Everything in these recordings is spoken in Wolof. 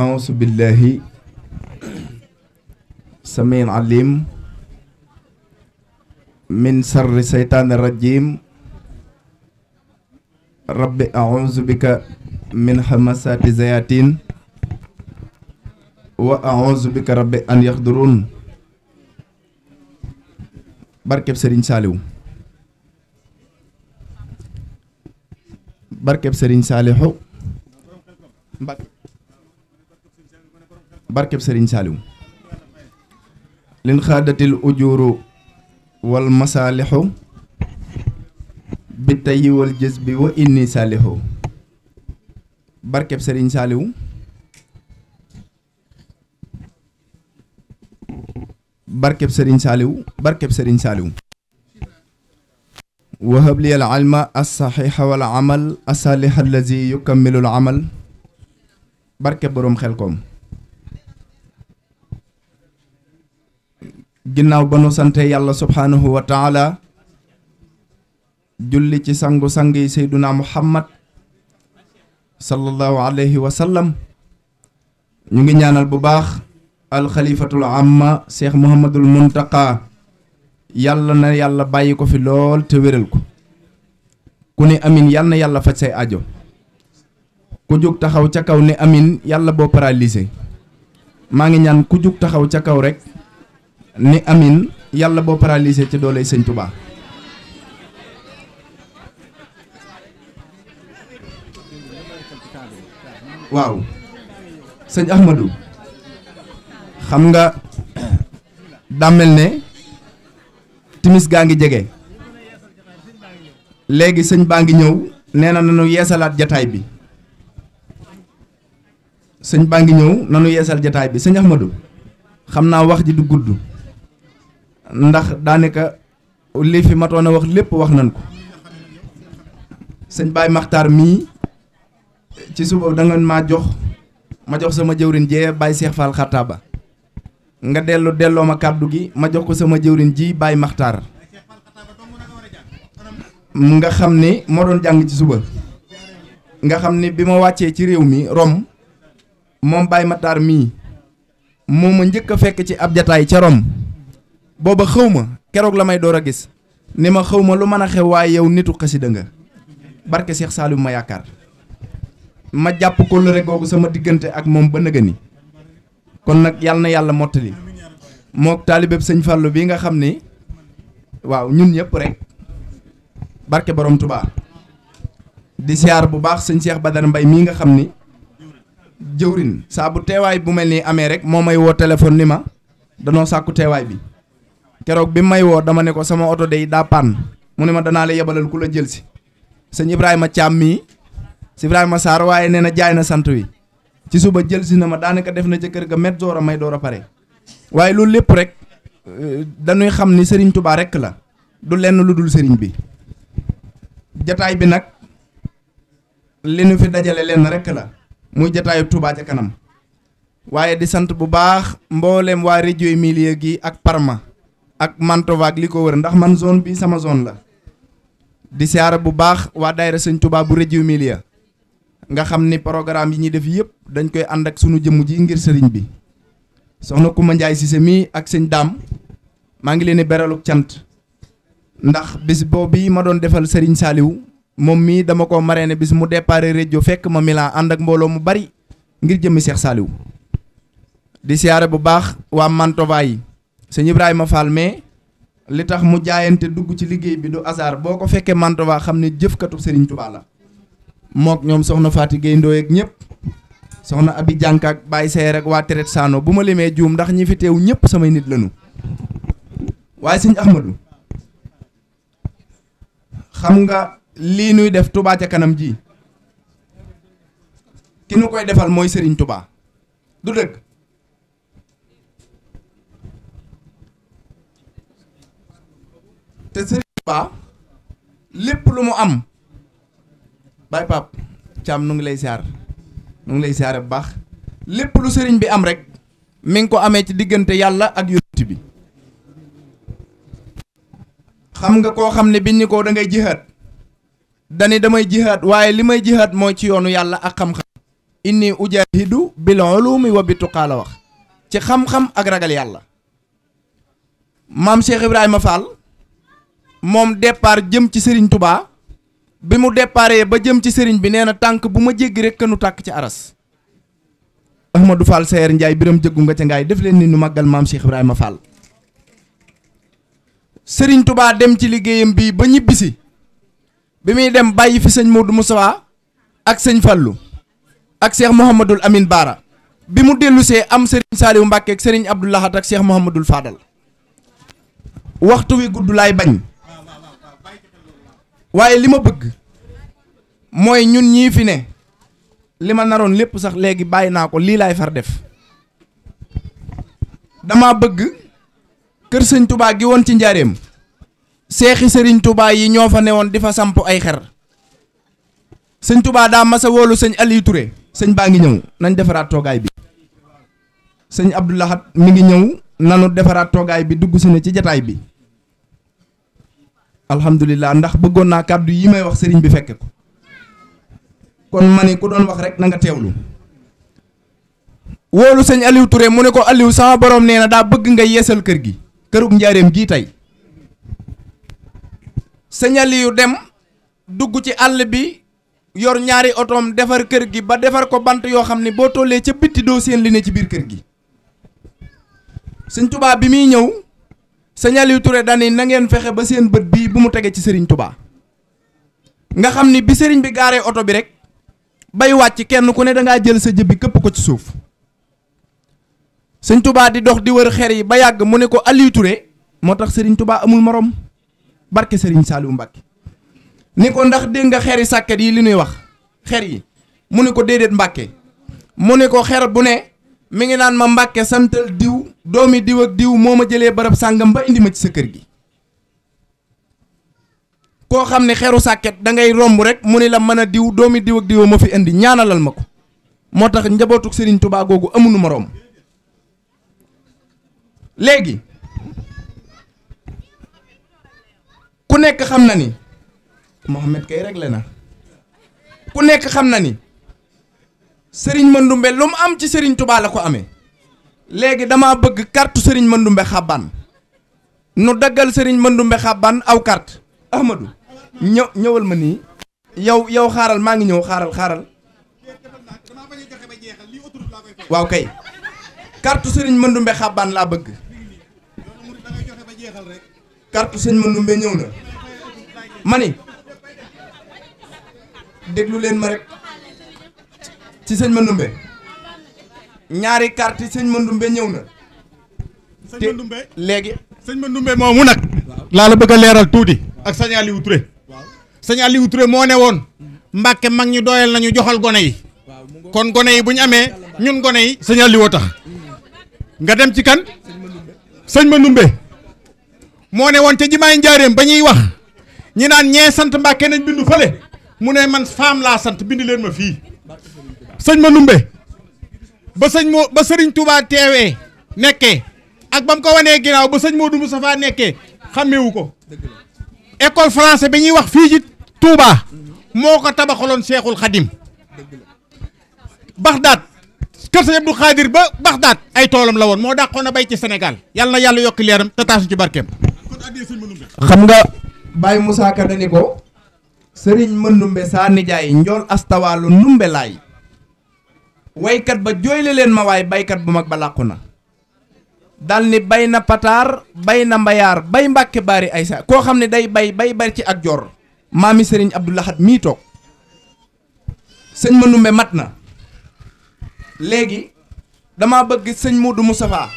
أعوذ بالله سميع عليم من شر الشيطان الرجيم رب أعوذ بك من همسات الشياطين وأعوذ بك رب أن يحضرون barkeb Serigne Saliou barkeb Serigne Saliou Mbacké barkeb sëriñ saaliw lin xaadatil ujuru wal bi tayyi wal jës bi wa inni saalixu barkeb sëriñ saaliw barkeb sëriñ saaliw barkeb sëriñ saaliw wahab li al alma alsaxiixa wal amal alsaalixa allazi al amal barkeb boroom xel koom ginnaaw ba nu sante yàlla subhaanahu wa taala julli ci sangu-sang yi seyduna muhammad sallallahu alayhi wa sallam ñu ngi ñaanal bu baax alxalifatul amma cheikh muhammadul muntaqa yàlla na yàlla bàyyi ko fi lool te wéral ko ku ne amin yàlla na yàlla faj say ajo ku jug taxaw ca kaw ni amin yàlla boo paralysé maa ngi ñaan ku jug taxaw ca kaw rekk ni amin yàlla boo paralysé ci dooley sëñ Touba. waaw sëñ axmadu xam nga dàmmel ne timis gaa ngi jege léegi sëñ baa ngi ñëw nee na nanu yeesalaat jataay bi sëñ baa ngi ñëw nanu yeesal jataay bi sëñ Ahmadou xam naa wax ji du gudd ndax daanaka li fi matoon a wax lépp wax nañ ko sëñ baay Makhtar mii ci suba danga maa jox ma jox sama jëwrin jee Baye Cheikh Fall nga dellu delloo ma kàddu gi ma jox ko sama jëwrin ji baay Makhtar nga xam ni moo doon jàng ci suba nga xam ni bi ma wàccee ci réew mi Rome moom Baye Makhtar mii moo ma njëkk a fekk ci ab jataay ca Rome booba xaw ma keroog la may door a gis ni ma xaw ma lu mën a xew waaye yow nitu xasida nga barke Cheikh Saliou ma yaakaar ma jàpp ko googu sama diggante ak moom ba nëga kon nag yàlla na yàlla mottali mook taalibeb sëñ Fallou bi nga xam ni waaw ñun ñëpp rek barke boroom Touba di siyaar bu baax sëñ Cheikh Badara mbay mii nga xam ni jëwrin saa bu teewaay bu mel nii amee rek moo may woo téléphone ni ma danoo sàkku teewaay bi keroog bi may woo dama ne ko sama oto day daa paan mu ne ma danaa la yebalal ku la jël si sëñ Ibrahima Thiam mii si Ibrahima Sarr waaye nee na jaay na sant wi ci suba jël si na ma daanaka def na ca kër ga met a may door pare waaye loolu lépp rek euh, danuy xam ni sëriñ Touba rekk la du lenn lu dul sëriñ bi jataay bi nag li nu fi dajale lenn rek la muy jataayu tubaa ca kanam waaye di sant bu baax mboolem waa rajo Emilia gi ak Parma. ak Mantova ak li ko wër ndax man zone bi sama zone la di siyaara bu baax waa daayira sëñ Touba bu Reggio Emilia nga xam ni programme yi ñuy def yëpp dañ koy ànd ak sunu jëmm ji ngir sëriñ bi soxna Kouma Ndiaye si mii ak sëñ daam maa ngi leen di beraluk cant ndax bis boobu bii ma doon defal sëriñ saaliw moom mii dama ko maree ne bis mu départ Reggio fekk ma Milan ànd ak mbooloo mu bari ngir jëmmi Seex Saliou di siyaare bu baax waa Mantova yi sëñ Ibrahima Fall mais li tax mu jaayante dugg ci liggéey bi du hasard boo ko fekkee baa xam ne jëfkatu Serigne tubaa la mook ñoom soxna Faati Gueye Ndoye ak ñëpp soxna Abi Jànk ak Baye Seye rek waa Teret Sano bu ma limee juum ndax ñi fi teew ñëpp samay nit lañu waaye sëñ Ahmadou xam nga lii nuy def tubaa ca kanam ji ki nu koy defal mooy sëriñ Touba du dëgg. te Serigne lépp lu mu am Baye Pape Thiam nu ngi lay siyaar mu ngi lay siyaare bu baax lépp lu sëriñ bi am rek mi ngi ko amee ci diggante yàlla ak yonent bi xam nga koo xam ne biñ ni ko dangay ngay jihaat dani damay jihaat waaye li may jihaat mooy ci yoonu yàlla ak xam-xam inni ujahidu bil ulumi wa bi wax ci xam-xam ak ragal yàlla maam Cheikh Ibrahima Fall moom départ jëm ci Serigne Touba bi mu déparee ba jëm ci sëriñ bi nee na tànk bu ma jéggi rek kënu tàkk ci aras Ahmadou Fall Seer Ndiaye biram jëggu nga ngaay def leen ni nu màggal maam Cheikh Ibrahima Fall Serigne Touba dem ci liggéeyam bi ba ñibbisi bi muy dem bàyyi fi sëñ Modou Moussa ak sëñ Fallou ak Cheikh Mouhamadul Amin Baara bi mu dellusee am Serigne Saliou Mbacke ak Serigne Abdoulahat ak Cheikh Mouhamadul Fadal waxtu wi gudd laay bañ. waaye li ma bëgg mooy ñun ñii fi ne li ma naroon lépp sax léegi bàyyi naa ko lii laay far def dama bëgg kër sëñ tubaa gi woon ci njaareem seexi sëriñ tubaa yi ñoo fa newoon di fa samp ay xer sëñ tubaa daa masa woolu sëñ Aliou Touré sëñ baa ngi ñëw nañ defaraat toogaay bi sëñ Abdou Lahad mi ngi ñëw nanu defaraat toogaay bi dugg si ne ci jataay bi alhamdulilah ndax bëggoon naa kàddu yi may wax sëriñ bi fekke kon ma ni ku doon wax rek na nga teewlu woolu sëñ Aliou ture mu ne ko Aliou sama borom nee na daa bëgg nga yeesal kër gi kërug njaareem gii tey sëñ Aliou dem dugg ci àll bi yor ñaari otoom defar kër gi ba defar ko bant yoo xam ne boo tollee ca bitti doo seen li ne ci biir kër gi sëñ Tuubaa bi muy ñëw sëñ Aliou ture dani na ngeen fexe ba seen bët bii bu mu tege ci sëriñ tubaa nga xam ni bi sëriñ bi gaaree oto bi rek bay wàcc kenn ku ne dangaa jël sa jëbbi këpp ko ci suuf sëñ tubaa di dox di wër xer yi ba yàgg mu ne ko Aliou Touré moo tax sëriñ tubaa amul moroom barke sëriñ Saliou Mbacke ni ko ndax dégg nga xeri sàkket yi li ñuy wax xer yi mu ne ko déedéet Mbacke mu ne ko xer bu ne mi ngi naan ma mbàkke santal diw doomi diw ak diw moo ma jëlee barab sàngam ba indi ma ci sa kër gi koo xam ne xeru sàkket da ngay romb rek mu ni la mën a diw doomi diw ak diw ma fi indi ñaanalal ma ko moo tax njabootu sëriñ Touba googu amunu moroom léegi ku nekk xam na ni Mohamed kay réglé na ku nekk xam na ni Serigne Mandoumbe lu mu am ci sëriñ Touba la ko amee. léegi damaa bëgg carte sëriñ Mandoumbe Xaban nu daggal sëriñ Mandoumbe Xaban aw carte Ahmadou ñëw ñëwal ma nii yow yow xaaral maa ngi ñëw xaaral xaaral waaw kay carte sëriñ Mandoumbe Xaban laa bëgg carte sëriñ Mandoumbe ñëw na ma ni déglu leen ma rek ci sëñ Mandoumbe ñaari carte sëñ Mandoumbe ñëw na. sëñ Mandoumbe léegi. sëñ Mandoumbe moomu nag. laa la bëgg a leeral tuuti. ak sëñ Aliou Touré. sëñ Aliou moo ne woon. Mbàkke mag ñu doyal nañu joxal gone yi. kon gone yi bu ñu amee ñun gone yi. sëñ Aliou tax mm. nga dem ci kan. sëñ Mandoumbe moo ne woon te jimaay njaareem ba ñuy wax ñi naan ñee sant Mbàkke nañ bindu fële mu ne man faam laa sant bind leen ma fii sëñ Mandoumbe ba sëñ moo ba sëriñ Touba teewee nekkee ak ba mu ko wanee ginnaaw ba sëñ moo Modou Moustapha nekkee xàmmewu ko école français bi ñuy wax fii ci Touba moo ko tabaxaloon Seexul Xadim Baxdaat kër sëñ du Khadir ba Baxdaat ay toolam la woon moo dàqoon a bay ci senegal yàlla na yàlla yokk leeram te taasu ci barkeem xam nga Baye Moussa Ka dani ko sëriñ Mandumbe saa nijaay njool astawaalu numbe laay waykat ba jooyle leen ma waay baykat bu mag ba làqu na dal ni bay na pataar bay na mbayaar bay mbàkke baari ay koo xam ne day bay bay bari ci ak joor maami sëriñ Abdou Lahad mii toog sëñ ma numbe mat na léegi dama bëgg sëñ Modou Moustapha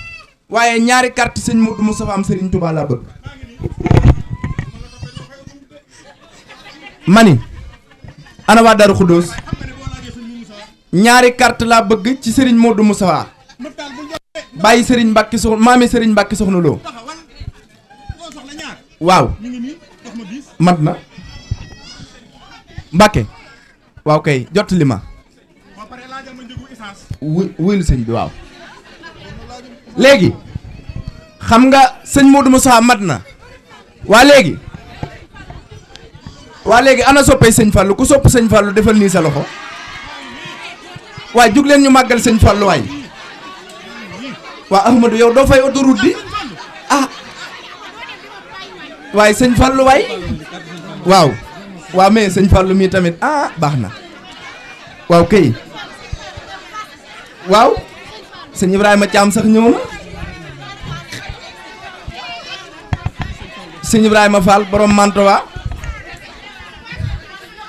waaye ñaari carte sëñ Modou Moustapha am sëriñ Touba bëgg mani ana ñaari carte laa bëgg ci Serigne Modou Moustapha bàyyi sëriñ Mbacke soxna maami Serigne Mbacke soxna loo waaw mat na Mbacke waaw kay jot li ma wu wuyul sëñ bi waaw léegi xam nga sëñ Modou Moustapha mat na waa léegi waa léegi ana soppee sëñ Fallou ku sopp sëñ Fallou defal nii sa loxo. waaye jug leen ñu màggal sëñ Fallou waay waa Ahmadou yow doo fay autoroute bi ah. waaye sëñ Fallou waay waaw waaw mais sëñ Fallou mii tamit ah, baax na waaw kay waaw sëñ Ibrahima Thiam sax ñëw na sëñ Ibrahima Fall borom Mantowa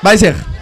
Baye Cheikh